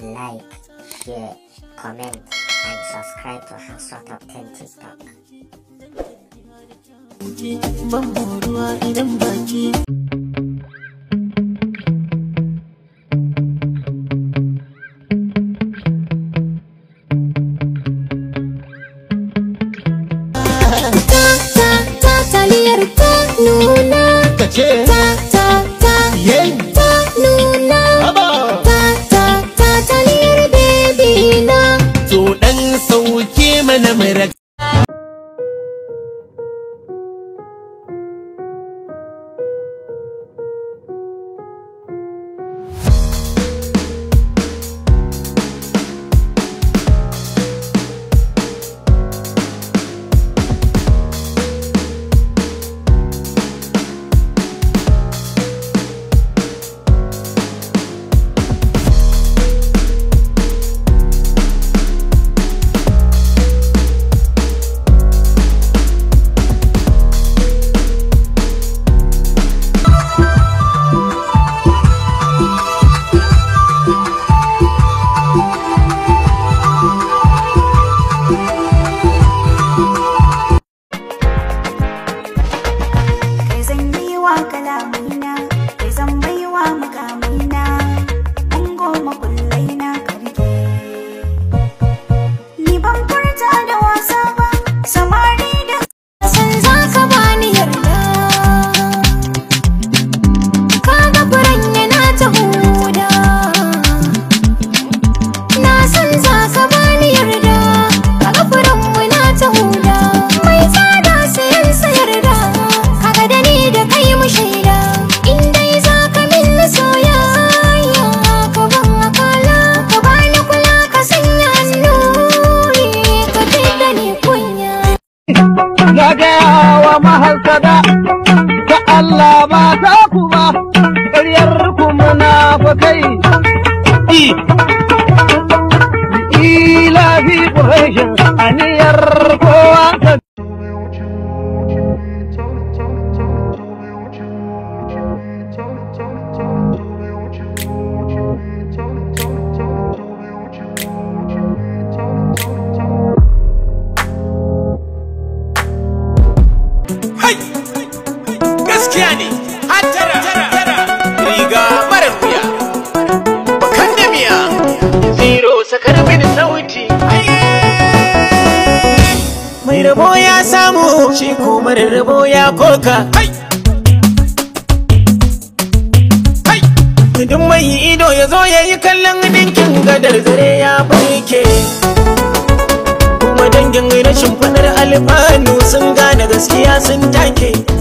like, share, comment and subscribe to Hausa Top 10 TikTok. na gaya wa ta Allah ba ta ku ba ƙaryar ku munafukai ila fi ƙurashin aniyar kowa ta gaskiya ne hattara riga marar wuya bakan da miya zero sakar mini sauti mai rabo ya samu shi kuma rabo ya koka duk mai ido ya zo ya yi kallon dinkin gadar zare ya farke kuma dangin rashin fanar alfanu sun gane gaskiya sun take